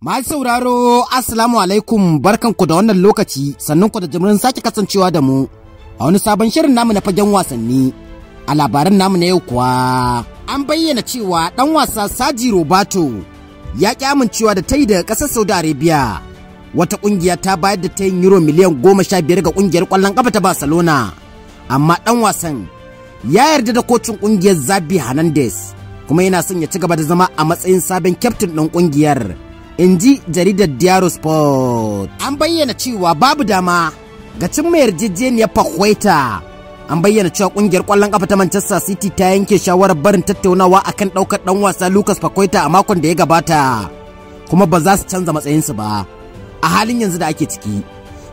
Masu sauraro Assalamu alaikum barkanku da wannan lokaci sannan ku da jimrin sake kasancewa da mu a wani sabon shirin namu na fagen wasanni a labaran namu na yau kuwa an bayyana cewa dan wasa Saji Robato ya ki amincewa da ta yi daga ƙasar Saudi Arabia wata ƙungiya ta bayar da ta yin euro miliyan goma sha biyar ga ƙungiyar kwallon ƙafa ta Barcelona amma dan wasan ya yarda da kocin ƙungiyar Zabi Hernandez kuma yana son ya ci gaba da zama a matsayin sabon kyaftin ɗin ƙungiyar. in ji jaridar Diaro Sport. An bayyana cewa babu dama ga cin mai yarjejeniyar Pakwaita. An bayyana cewa kungiyar kwallon kafa ta Manchester City ta yanke shawarar barin tattaunawa akan ɗaukar ɗan wasa Lucas Pakwaita a makon da ya gabata. Kuma ba za su canza matsayinsu ba. A halin yanzu da ake ciki,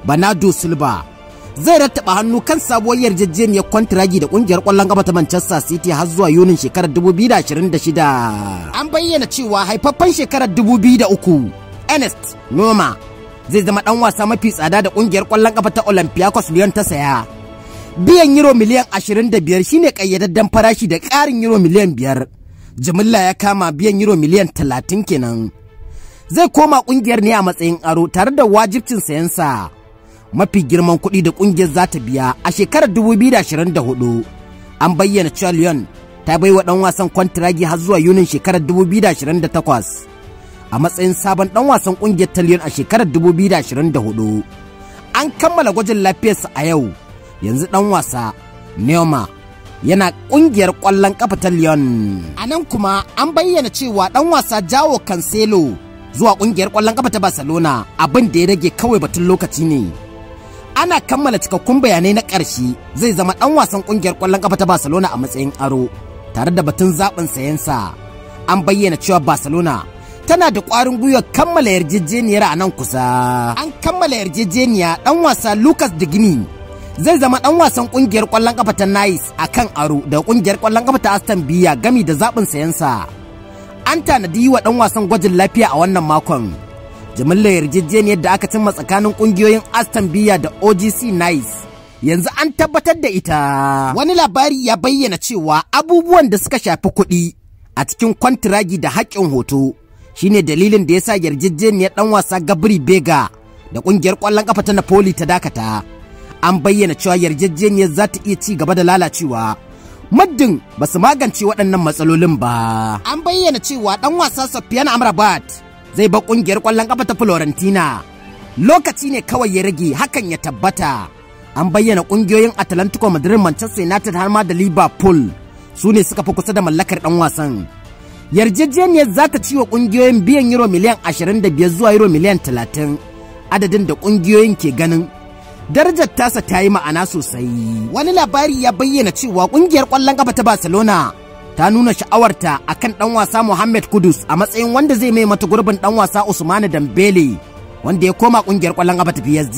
Bernardo Silva zai rattaba hannu kan sabuwar yarjejeniyar kwantiragi da kungiyar kwallon kafa ta Manchester City har zuwa Yunin shekarar 2026. An bayyana cewa haifaffen shekarar 2003 Ernest Noma zai zama dan wasa mafi tsada da kungiyar kwallon kafa ta Olympiacos Lyon ta saya. Biyan euro miliyan 25 shine kayyadaddan farashi da ƙarin euro miliyan 5. Jamilla ya kama biyan euro miliyan 30 kenan. Zai koma kungiyar ne a matsayin aro tare da wajibcin sa mafi girman kuɗi da ƙungiyar za ta biya a shekarar 2024 an bayyana cewa lyon ta bai wa ɗan wasan kwantiragi har zuwa yunin shekarar 2028 a matsayin sabon ɗan wasan ƙungiyar ta lyon a shekarar 2024 an kammala gwajin lafiyarsa a yau yanzu ɗan wasa neoma yana ƙungiyar ƙwallon ƙafa ta lyon a nan kuma an bayyana cewa ɗan wasa jawo cancelo zuwa ƙungiyar ƙwallon ƙafa ta barcelona abin da ya rage kawai batun lokaci ne ana kammala cikakkun bayanai na ƙarshe zai zama ɗan wasan ƙungiyar ƙwallon ƙafa ta Barcelona a matsayin aro tare da batun zaɓin sayensa. An bayyana cewa Barcelona tana da ƙwarin gwiwa kammala yarjejeniyar a nan kusa. An kammala yarjejeniya ɗan wasa Lucas Gini zai zama ɗan wasan ƙungiyar ƙwallon ƙafa ta Nice a kan aro da ƙungiyar ƙwallon ƙafa ta Aston Villa gami da zaɓin sayensa. An tanadi yi wa ɗan wasan gwajin lafiya a wannan makon. jimillar yarjejeniyar da aka cimma tsakanin kungiyoyin aston Villa da ogc nice yanzu an tabbatar da ita wani labari ya bayyana cewa abubuwan da suka shafi kuɗi a cikin kwantiragi da haƙƙin hoto shine dalilin da ya sa yarjejeniyar ɗan wasa gabri bega da ƙungiyar ƙwallon ƙafa ta napoli ta dakata an bayyana cewa yarjejeniyar za ta iya ci gaba da lalacewa muddin ba su magance waɗannan matsalolin ba an bayyana cewa ɗan wasa sofian amrabat zai bar ƙungiyar ƙwallon kafa ta Florentina. Lokaci ne kawai ya rage hakan ya tabbata. An bayyana ƙungiyoyin Atlantico Madrid, Manchester United har ma da Liverpool su ne suka fi kusa da mallakar ɗan wasan. Yarjejeniyar za ta ciwo ƙungiyoyin biyan euro miliyan 25 zuwa euro miliyan 30 adadin da ƙungiyoyin ke ganin darajar tasa ta yi ma'ana sosai wani labari ya bayyana cewa kungiyar ƙwallon ƙafa ta barcelona ta nuna sha'awarta a kan ɗan wasa Mohammed Kudus a matsayin wanda zai mai mata gurbin ɗan wasa Usmanu Dambele wanda ya koma ƙungiyar ƙwallon kafa ta PSG.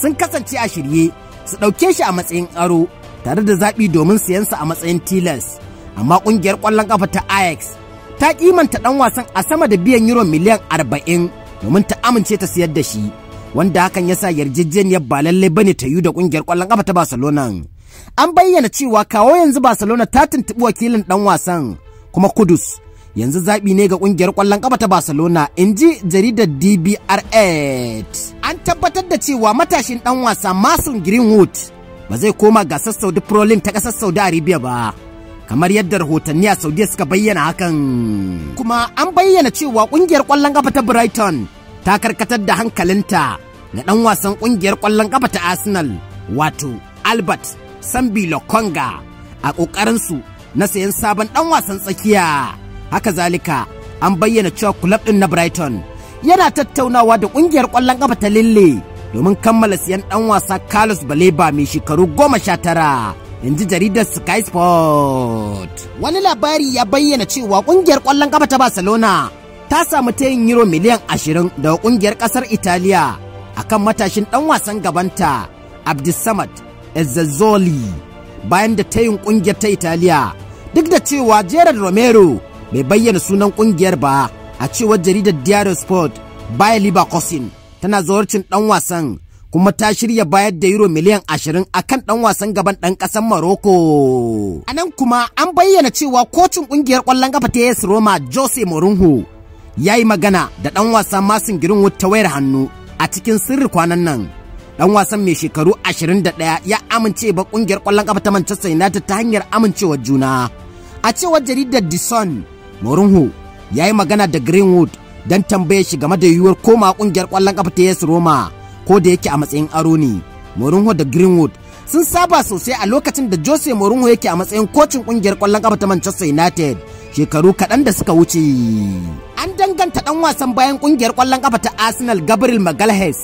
Sun kasance a shirye su ɗauke shi a matsayin aro tare da zaɓi domin siyansa a matsayin tilas. Amma ƙungiyar ƙwallon kafa ta Ajax ta kimanta ɗan wasan a sama da biyan euro miliyan arba'in domin ta amince ta siyar da shi. Wanda hakan ya sa yarjejeniyar ba lallai ba ne ta yi da ƙungiyar ƙwallon ƙafa ta Barcelona. An bayyana cewa kawo yanzu Barcelona ta tuntuɓi wakilin ɗan wasan kuma Kudus yanzu zaɓi ne ga ƙungiyar kwallon ƙafa ta Barcelona in ji jaridar DBR8. An tabbatar da cewa matashin ɗan wasa Mason Greenwood ba zai koma gasar Saudi Pro League ta kasar Saudi Arabia ba. kamar yadda rahotanni a Saudi suka bayyana hakan. Kuma an bayyana cewa ƙungiyar kwallon kafa ta Brighton ta karkatar da hankalinta ga ɗan wasan ƙungiyar kwallon ƙafa ta Arsenal wato Albert Sambi Lokonga a ƙoƙarinsu na sayan sabon ɗan wasan tsakiya. Haka zalika an bayyana cewa kulab ɗin na Brighton yana tattaunawa da ƙungiyar ƙwallon ƙafa ta Lille domin kammala siyan ɗan wasa Carlos Baleba mai shekaru goma sha tara. in jaridar Sky Sport. Wani labari ya bayyana cewa ƙungiyar ƙwallon ƙafa ta Barcelona ta samu ta yin euro miliyan ashirin daga ƙungiyar ƙasar Italiya akan matashin ɗan wasan gabanta Abdulsamad Ezezoli bayan da ta yin ƙungiyar ta Italiya duk da cewa Gerard Romero bai bayyana sunan ƙungiyar ba a cewar jaridar Diario Sport Bayer Leverkusen tana zawarcin ɗan wasan kuma ta shirya bayar da euro miliyan ashirin a kan ɗan wasan gaban ɗan ƙasar Morocco. A nan kuma an bayyana cewa kocin ƙungiyar ƙwallon ƙafa ta AS Roma Jose Mourinho ya yi magana da ɗan wasa Masin girin ta wayar hannu a cikin sirri kwanan nan. dan wasan mai shekaru 21 ya amince ba kungiyar kwallon kafa ta Manchester United ta hanyar amincewar juna. A cewar jaridar The Sun, Mourinho ya yi magana da Greenwood don tambaye shi game da yiwuwar koma kungiyar kwallon kafa ta AS Roma ko da yake a matsayin aro ne. Mourinho da Greenwood sun saba sosai a lokacin da Jose Mourinho yake a matsayin kocin kungiyar kwallon kafa ta Manchester United shekaru kaɗan da suka wuce. An danganta ɗan wasan bayan kungiyar kwallon kafa ta Arsenal Gabriel Magalhaes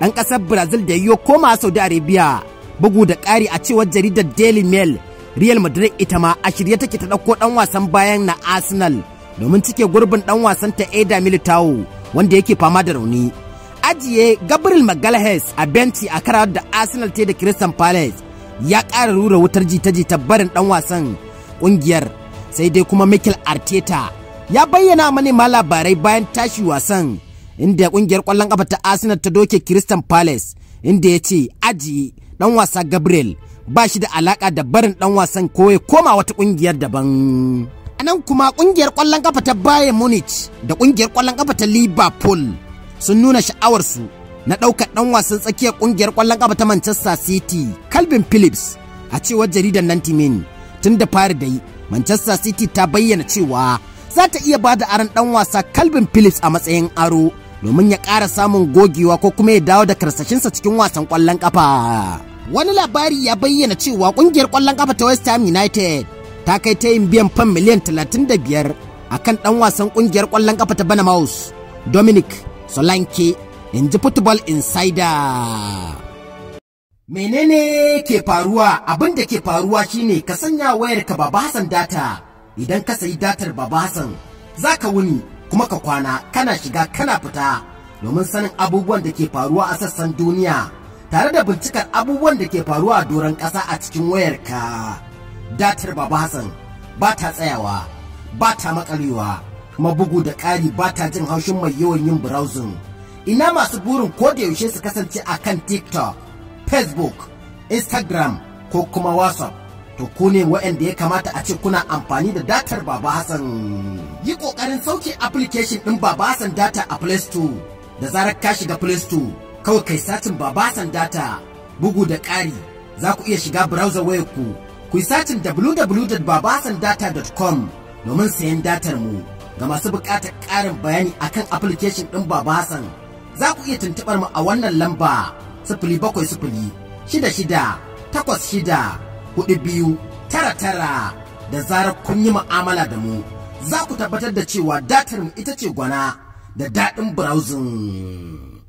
ɗan ƙasar Brazil da yo koma Saudi Arabia. Bugu da ƙari a cewar jaridar Daily Mail, Real Madrid ita ma a shirye take ta ɗauko ɗan wasan bayan na Arsenal domin cike gurbin ɗan wasan ta Eda Militao wanda yake fama da rauni. Ajiye Gabriel Magalhaes a benci a karar da Arsenal ta da Crystal Palace ya ƙara rura wutar jita-jita barin ɗan wasan ƙungiyar sai dai kuma Mikel Arteta ya bayyana manema labarai bayan tashi wasan inda kungiyar kwallon kafa ta Arsenal ta doke Crystal Palace inda ya ce aji dan wasa Gabriel ba shi da alaka da barin dan wasan ko ya koma wata kungiyar daban. A nan kuma kungiyar kwallon kafa ta Bayern Munich da kungiyar kwallon kafa ta Liverpool sun nuna sha'awarsu na ɗaukar ɗan wasan tsakiyar kungiyar kwallon kafa ta Manchester City Calvin Phillips a cewar jaridar Nantimin tun da fari da yi Manchester City ta bayyana cewa za ta iya ba da aron ɗan wasa Calvin Phillips a matsayin aro domin ya ƙara samun gogewa ko kuma ya dawo da karsashinsa cikin wasan ƙwallon ƙafa. Wani labari ya bayyana cewa ƙungiyar ƙwallon ƙafa ta West Ham United ta kai ta yin biyan fan miliyan 35 a kan ɗan wasan ƙungiyar ƙwallon ƙafa ta Banamaus, Dominic Solanke, inji ji Football Insider. Menene ke faruwa abin da ke faruwa shine ka sanya wayarka Baba Hassan data idan ka sayi datar Baba Hassan za ka wuni kuma ka kwana kana shiga kana fita domin sanin abubuwan da ke faruwa a sassan duniya tare da bincikar abubuwan da ke faruwa a doron ƙasa a cikin wayarka. Datar Baba Hassan ba ta tsayawa, ba ta makarewa, kuma bugu da ƙari ba ta jin haushin mai yawan yin browsing. Ina masu burin ko da yaushe su kasance a kan TikTok, Facebook, Instagram ko kuma WhatsApp. to ku ne waɗanda ya kamata a ce kuna amfani da datar Baba Hassan. Yi ƙoƙarin sauke application ɗin Baba Hassan data a Play Store, da zarar ka shiga Play Store, kawai kai satin Baba Hassan data, bugu da ƙari, za ku iya shiga browser wayar ku, ku yi satin www.babahassandata.com domin sayan datar mu. Ga masu buƙatar ƙarin bayani akan application ɗin Baba Hassan, za ku iya tuntuɓar mu a wannan lamba sifili bakwai sifili shida shida takwas shida hudu biyu tara tara da zarar kun yi ma'amala da mu za ku tabbatar da cewa datar mu ita ce gwana da daɗin browsing.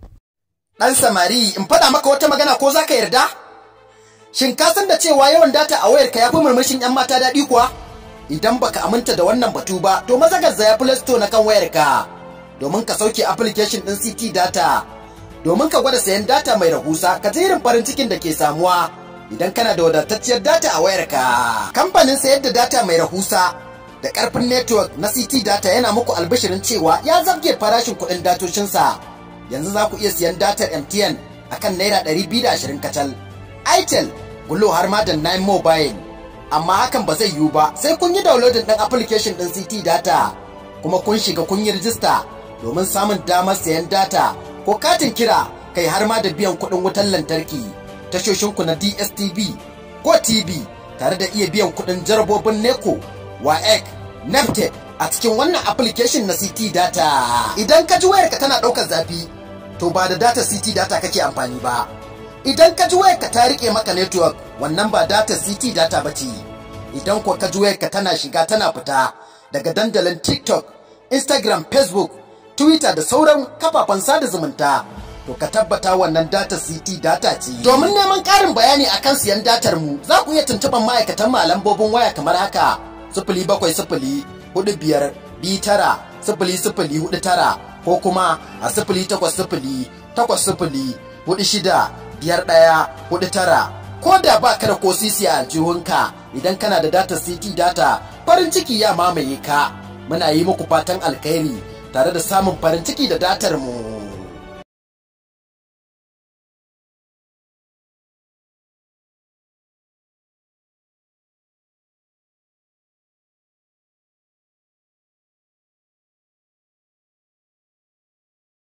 Ɗan samari in faɗa maka wata magana ko za ka yarda? Shin ka san da cewa yawan data a wayarka ya fi murmushin 'yan mata daɗi kuwa? Idan baka aminta da wannan batu ba, to maza ya Play na kan wayarka. Domin ka sauke application ɗin CT Data. Domin ka gwada sayan data mai rahusa, ka ji irin farin cikin da ke samuwa. idan kana da wadatacciyar data a wayarka. Kamfanin sayar da data mai rahusa da ƙarfin network na CT data yana muku albishirin cewa ya zabge farashin kuɗin datocinsa. Yanzu za ku iya siyan datar MTN a kan naira 220 kacal. Itel, Gullo har ma da Nine Mobile. Amma hakan ba zai yiwu ba sai kun yi downloading ɗin application ɗin CT data kuma kun shiga kun yi rijista domin samun damar sayan data ko katin kira kai har ma da biyan kuɗin wutar lantarki. tashoshinku na DSTV, ko TV tare da iya biyan kuɗin jarabobin NECO, WAEC, NEPTEC a cikin wannan application na CT Data. Idan ka ji wayarka tana ɗaukar zafi, to ba da data CT Data kake amfani ba. Idan ka ji wayarka ta riƙe maka network, wannan ba data CT Data ba ce. Idan kuwa ka ji wayarka tana shiga tana fita daga dandalin TikTok, Instagram, Facebook, Twitter da sauran kafafen sada zumunta. to ka tabbata wannan data city data ce domin neman ƙarin bayani akan siyan datar mu za ku iya tuntuɓar ma'aikatan malambobin lambobin waya kamar haka sifili bakwai ko kuma a sifili takwas takwas biyar ɗaya hudu tara ko da ba ka da ko sisi a aljihunka idan kana da data city data farin ciki ya mamaye ka muna yi muku fatan alkhairi tare da samun farin ciki da datar mu